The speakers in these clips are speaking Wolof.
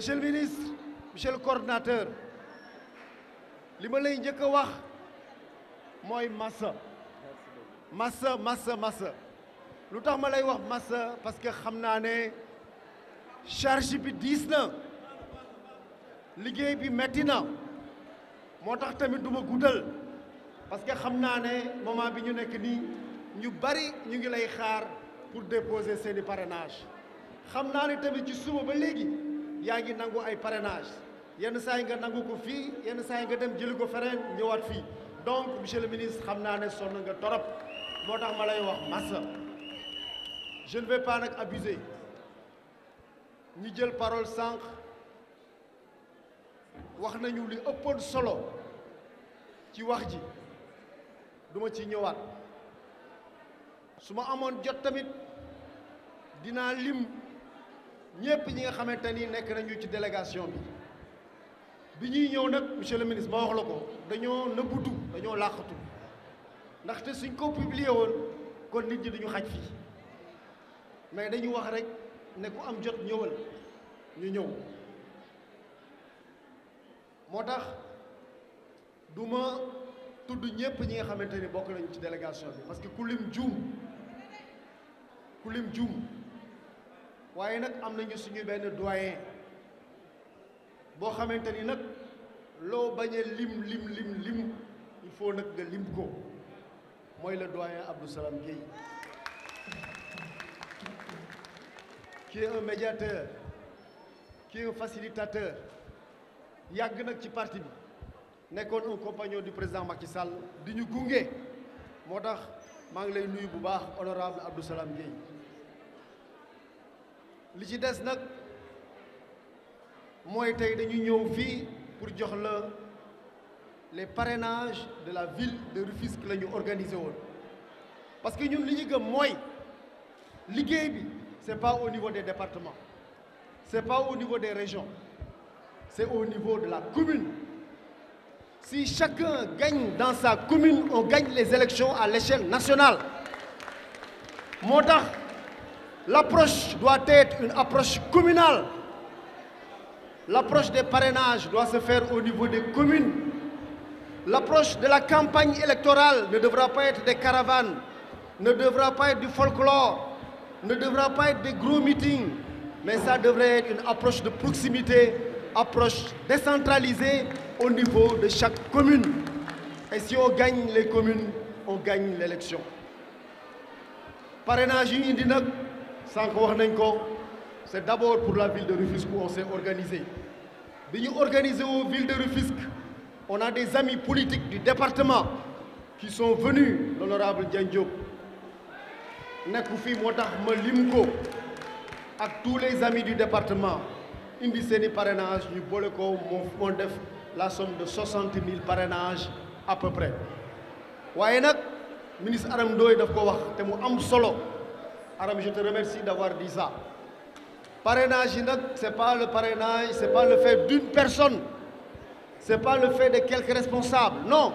monsieur le ministre monsieur li ma lay njëkk a wax mooy massa massa massa massa lu tax ma lay wax massa parce que xam naa ne charge bi diis na liggéey bi metti na moo tax tamit du ma guddal parce que xam naa ne moment bi ñu nekk nii ñu bari ñu ngi lay xaar pour déposer seeni parrainage xam naa ne tamit ci suba ba léegi yaa ngi nangu ay parrainage yenn saa nga nangu ko fii yenn saa nga dem jëli ko fereen ñëwaat fii donc monsieur le ministre xam naa ne sonn nga torop moo tax ma lay wax massa je ne vais pas nag ñi jël parole sànq wax nañu li ëppoon solo ci wax ji duma ci ñëwaat su ma amoon jot tamit dinaa lim ñëpp ñi nga xamante ni nekk nañu ci délégation bi bi ñuy ñëw nag monsieur ma wax la ko dañoo nëbbutu dañoo làqatu ndaxte suñ ko publier woon kon nit ñi duñu xaj fii mais dañu wax rek ne ku am jot ñëwal ñu ñëw moo tax du ma tudd ñëpp ñi nga xamante ni bokk nañu ci délégation bi parce que ku lim juum ku waaye nag am nañu suñu benn doyen boo xamante ni nag loo bañee lim lim lim lim il faut nag nga lim ko mooy le doyen Abdou Salam Gueye qui médiateur qui est un yàgg nag ci parti bi nekkoon un compagnon du président Macky Sall di ñu gunge moo tax maa ngi lay nuyu bu baax honorable Abdou Salam li ci des nag mooy tey dañuy ñëw fii pour jox la les parrainages de la ville de Rufisque la ñu organisé woon parce que ñun li ñu gëm mooy liggéey bi c'est pas au niveau des département c'est pas au niveau des régions c'est au niveau de la commune si chacun gagne dans sa commune on gagne les élections à l'échelle nationale moo tax L'approche doit être une approche communale. L'approche des parrainages doit se faire au niveau des communes. L'approche de la campagne électorale ne devra pas être des caravanes, ne devra pas être du folklore, ne devra pas être des gros meetings, mais ça devrait être une approche de proximité, approche décentralisée au niveau de chaque commune. Et si on gagne les communes, on gagne l'élection. parrainage yi sànq wax nañ ko c' est d' abord pour la ville de Rufisque où on s' est organisé bi ñu organisé au ville de Rufisque on a des amis politiques du département qui sont venus l'honorable Diagne Diop nekk fii moo tax ma lim ko ak tous les amis du département indi seeni parrainage ñu boole ko moo def la somme de soixante mille parrainages à peu près waaye nag ministre Aram Ndoye def ko wax te mu am solo Aram je te remercie d'avoir dit ça parrainage yi nag c'est pas le parrainage c'est pas le fait d'une personne c'est pas le fait de quelques responsables non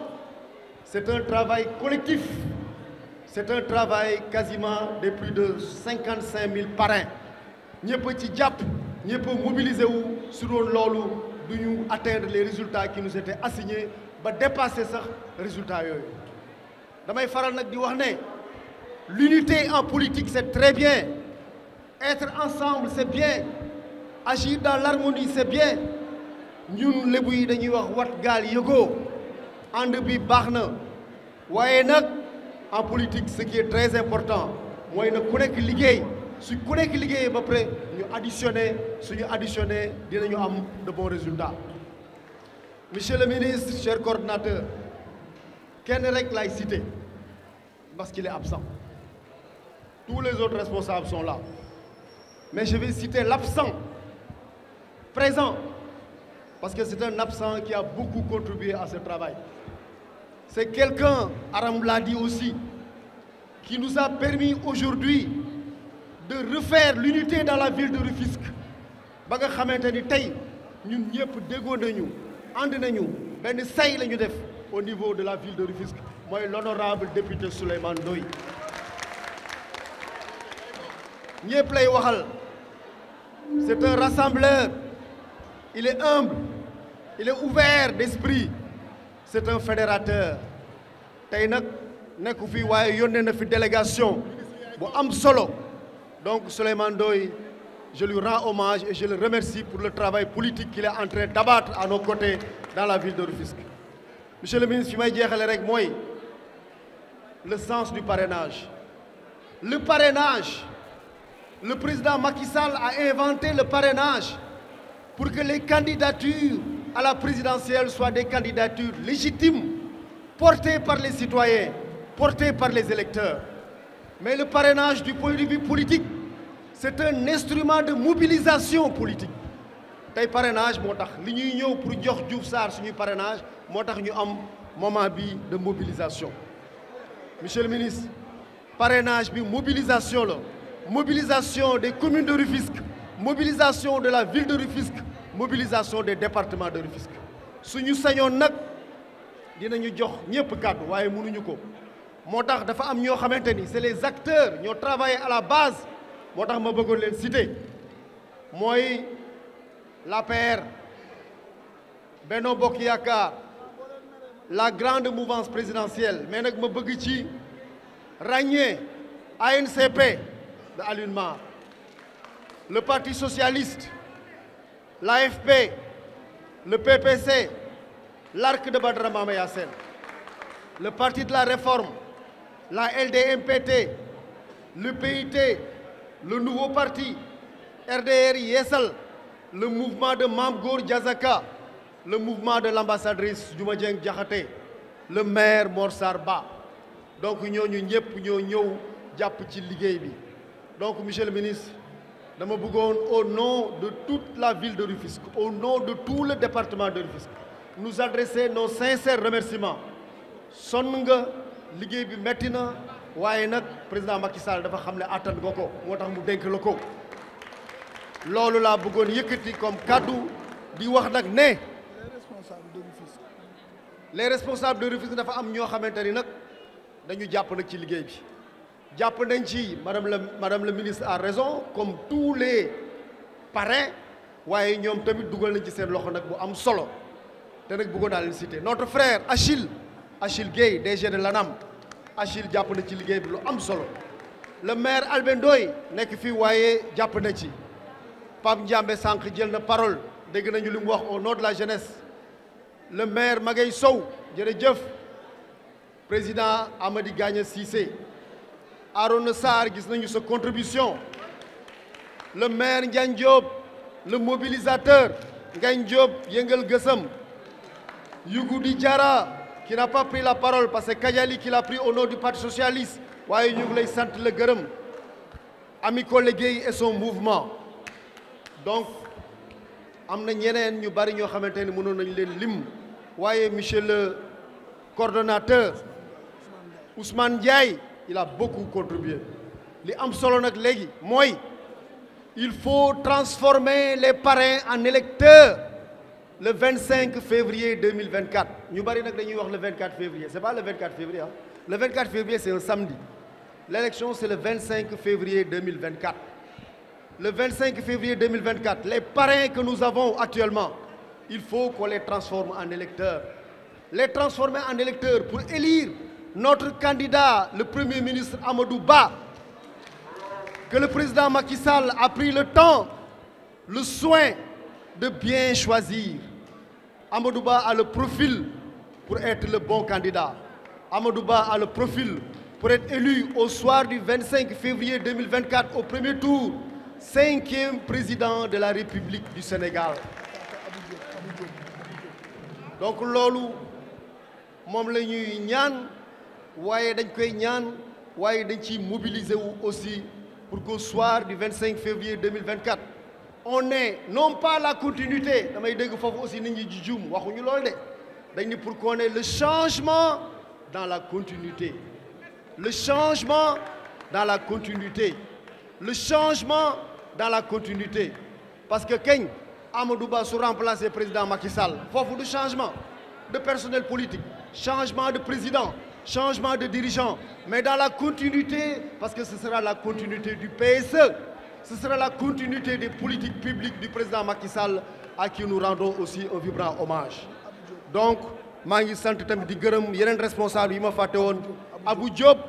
c'est un travail collectif c'est un travail quasiment de plus de cinquante cinq mille parrains ñëpp ci jàpp ñëpp mobiliser wu su doon loolu du ñu atteindre les résultat qui nous étaient assignés ba dépasser sax résultat yooyu damay faral nag di wax ne L'unité en politique, c'est très bien. Être ensemble, c'est bien. Agir dans l'harmonie, c'est bien. ñun lébu yi dañuy wax wat gaal yëgoo ànd bi baax na waaye nag en politique ce très important mooy na ku nekk liggéey su ku nekk liggéey ba pare ñu additionné suñu additionné dinañu am de bons résultats monsieur le ministre cher coordinateur kenn rek laay cité parce qu'il est absent Tous les autres responsables sont là. Mais je vais citer l'absent, présent, parce que c'est un absent qui a beaucoup contribué à ce travail. C'est quelqu'un, Aram l'a dit aussi, qui nous a permis aujourd'hui de refaire l'unité dans la ville de Rufisque. ba nga xamante ni tey ñun ñëpp déggoo nañu ànd nañu benn say la ñu def au niveau de la ville de Rufisque mooy l'honorable député Souleymane Ndoye ñëpp lay waxal c'est un rassembleur il est humble il est ouvert d'esprit c'est un fédérateur tey nag nekk fii waaye yónnee na fi délégation bu am solo donc Souleymane Ndoye je lu rends hommage et je le remercie pour le travail politique qu'il est en train d'abattre à nos côtés dans la ville de Rufisque monsieur le ministre fi may jeexale rek mooy le sens du parrainage le parrainage le président Macky Sall a inventé le parrainage pour que les candidatures à la présidentielle soient des candidatures légitimes, portées par les citoyens, portées par les électeurs. Mais le parrainage du point de politique, c'est un instrument de mobilisation politique. tey parrainage moo tax li ñuy ñëw pour jox Diouf Sarr suñuy parrainage moo tax ñu am moment bi de mobilisation monsieur le ministre parenage bi mobilisation la mobilisation des communes de Rufisque mobilisation de la ville de Rufisque mobilisation des départements de Rufisque suñu sañoon nag dinañu jox ñëpp kàddu waaye mënuñu ko moo tax dafa am ñoo xamante ni c'est les acteurs ñoo travaillé à la base moo tax ma bëggoon leen citer mooy l'APR Benno Bokk Yaakaar la grande mouvance présidentielle mais nag ma bëgg ci ràññee ANCP de Alioune Mar le Parti socialiste l'AFP le PPC l'ARC de Badara Mama Yacine le Parti de la Réforme la LDMPT le PIT le nouveau parti RDR Yessal le mouvement de Mame Gor Diazaka le mouvement de l'ambassadrice Diouma Dieng Diakhaté le maire Mor Sarr Ba donc ñooñu ñëpp ñoo ñëw jàpp ci liggéey bi donc monsieur le ministre dama bëggoon au non de toute la ville de Rufisque au nom de tout le département de Rufisque nous adresser nos sincères remerciements sonn nga liggéey bi metti na waaye nag président Macky Sall dafa xam ne attan nga ko moo tax mu dénk la ko loolu laa bëggoon yëkkati comme kàddu di wax nag ne les responsables de Rufisque dafa am ñoo xamante ni nag dañu jàpp nag ci liggéey bi jàpp nañ ci madame la madame la ministre à raison comme tous les parrains waaye ñoom tamit dugal nañ ci seen loxo nag bu am solo te nag bëggoon naa leen citer notre frère Achille Achille Gueye DG de l'ANAM Achille jàpp na ci liggéey bi lu am solo le maire Albé Ndoye nekk fii waaye jàpp na ci Pape Ndiambé sànq jël na parole dégg nañu li mu wax au nom de la jeunesse le maire Magueye Sow jërëjëf président Amady Gagné Cissé na saar gis nañu sa contribution le maire Ndiagne Diop le mobilisateur Ngagne Diop yëngal gësam Yougou Di Diarra qui n'a pas pris la parole parce que Kadiali qui l'a pris au nom du socialiste waaye ñu ngi lay sant la gërëm ami collègue et son mouvement donc am na ñeneen ñu bari ñoo xamante ni mënoon nañu leen lim waaye monsieur le coordonnateur Ousmane Ndiaye il a beaucoup contribué li am solo nag léegi mooy il faut transformer les parrains en électeurs le 25 février 2024 ñu bari nag dañuy wax le 24 février c'est pas le 24 février ah le 24 février c'est un samedi l'élection c'est le 25 février 2024 le 25 février 2024 les parrains que nous avons actuellement il faut qu'on les transforme en électeurs les transformer en électeurs pour élire notre candidat, le Premier ministre Amadou Ba, le président Macky Sall a pris le temps, le soin de bien choisir. Amadou Ba a le profil pour être le bon Amadou Ba a le profil pour être élu au soir du 25 février 2024 au premier tour, cinquième président de la République du Sénégal. Donc loolu moom la ñuy ñaan waaye dañ koy ñaan waaye dañ ci mobiliser wu aussi pour qu'au soir du 25 février 2024 on est non pas la continuité damay dégg foofu aussi nit ñi ji juum waxuñu loolu de dañ ni pour qu'on ait le changement dans la continuité le changement dans la continuité le changement dans la continuité parce que kañ Amadou Ba su remplacer président Macky Sall foofu du changement de personnel politique changement de président changement de dirigeant, mais dans la continuité, parce que ce sera la continuité du PSE, ce sera la continuité des politiques publiques du président Macky Sall, à qui nous rendons aussi un vibrant hommage. Donc, maa ngi sant tamit di gërëm yeneen responsable yi ma fàtte woon Abou Diop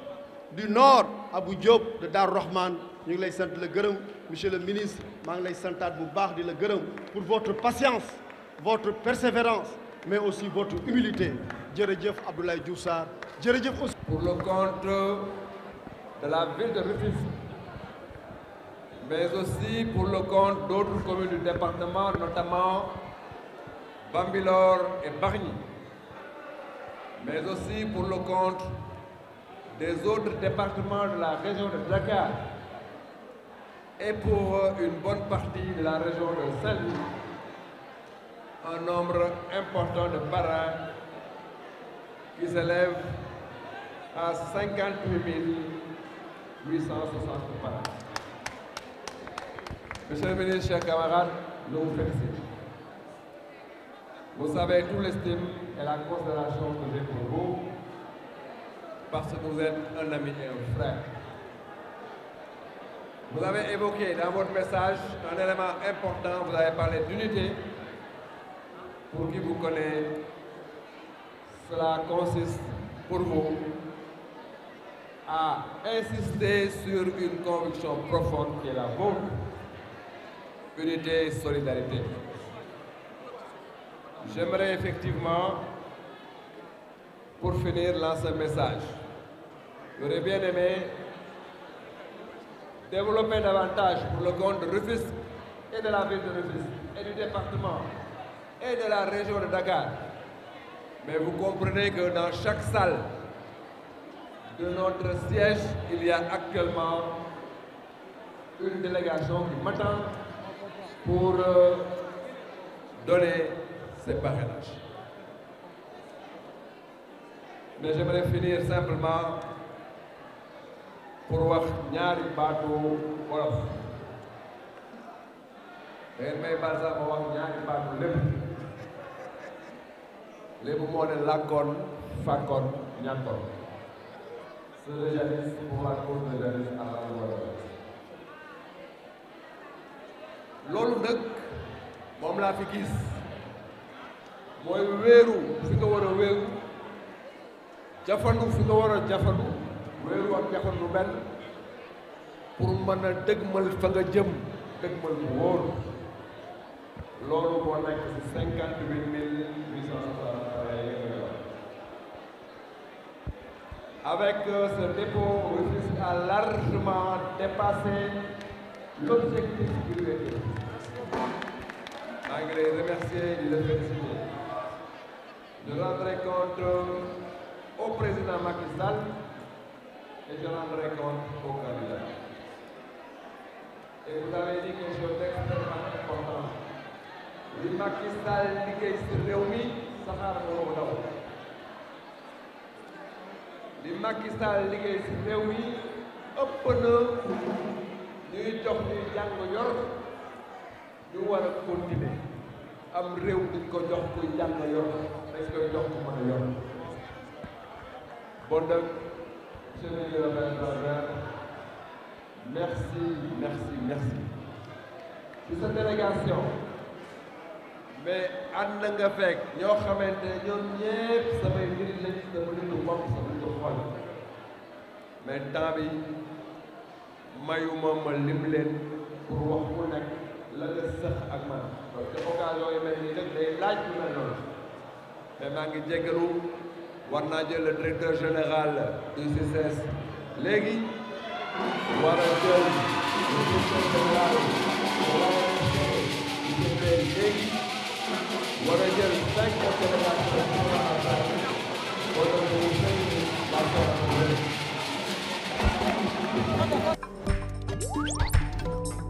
du Nord abu Diop de Dar Rahman ñu ngi lay sant la gërëm monsieur le ministre maa ngi lay santaat bu baax di la gërëm pour votre patience votre persévérance mais aussi votre humilité jërëjëf Abdoulaye Diouf Sarr jërëjëf aussi. pour le compte de la ville de Rufisque mais aussi pour le compte d'autres communes du département notamment Bambilor et Bargny mais aussi pour le compte des autres départements de la région de Dakar et pour une bonne partie de la région de Saint-Louis un nombre important de parrains qui s'élève à Monsieur le ministre, chers camarades, nous vous Vous savez tout l'estime et la considération que j'ai pour parce que vous êtes un ami et un frère. Vous avez évoqué dans votre message un élément important, vous avez parlé d'unité, Pour qui vous connaît, cela consiste pour vous à insister sur une conviction profonde qui est la vôtre, unité et solidarité. J'aimerais effectivement, pour finir, lancer message. J'aurais bien aimé développer davantage le compte de Rufus et de la ville de Rufus et du département venez de la région de Dakar, mais vous comprenez que dans chaque salle de notre siège, il y a actuellement une délégation qui m'attend pour euh, donner ses parrainages. Mais j'aimerais finir simplement pour wax ñaari baatu wolof. da ngeen may baal sax léegi moo ne moom laa fi gis mooy wéeru fi nga war a wéeru jafandu fi nga war a jafandu wéeru ak jafandu benn pour mën a dëgmal fa nga jëm dëgmal bu wóor loolu moo nekk ci cinquante huit mille huit cent Avec euh, ce dépôt, Rufisque a largement dépassé l'objectif du référendum. maa ngi lay remercier di la féliciter. Je au président Macky et je rendrai au candidat. Et vous avez dit quelque chose d'extrêmement important. Li Macky Sall liggéey si réew mi saxaar moo li Macky Sall liggéey si réew yi ëpp na ñuy jox ñuy jàng yor ñu war a continuer am réew duñ ko jox kuy jàng yor dañ koy jox ku mën a yor bon nag monsieur le maire merci merci merci ci sa délégation mais ànd nga fekk ñoo xamante ñoom ñëpp samay mbir lañ sama nit lu bopp sama xol mais temps bi mayuma ma lim leen pour nekk la nga sëx ak man parce que occasion yu mel nii rek day laaj lu noonu mais maa ngi jéggalu war naa jël le directeur général du CCS léegi war a jël le directeur général léegi war a jël cinq Thank you.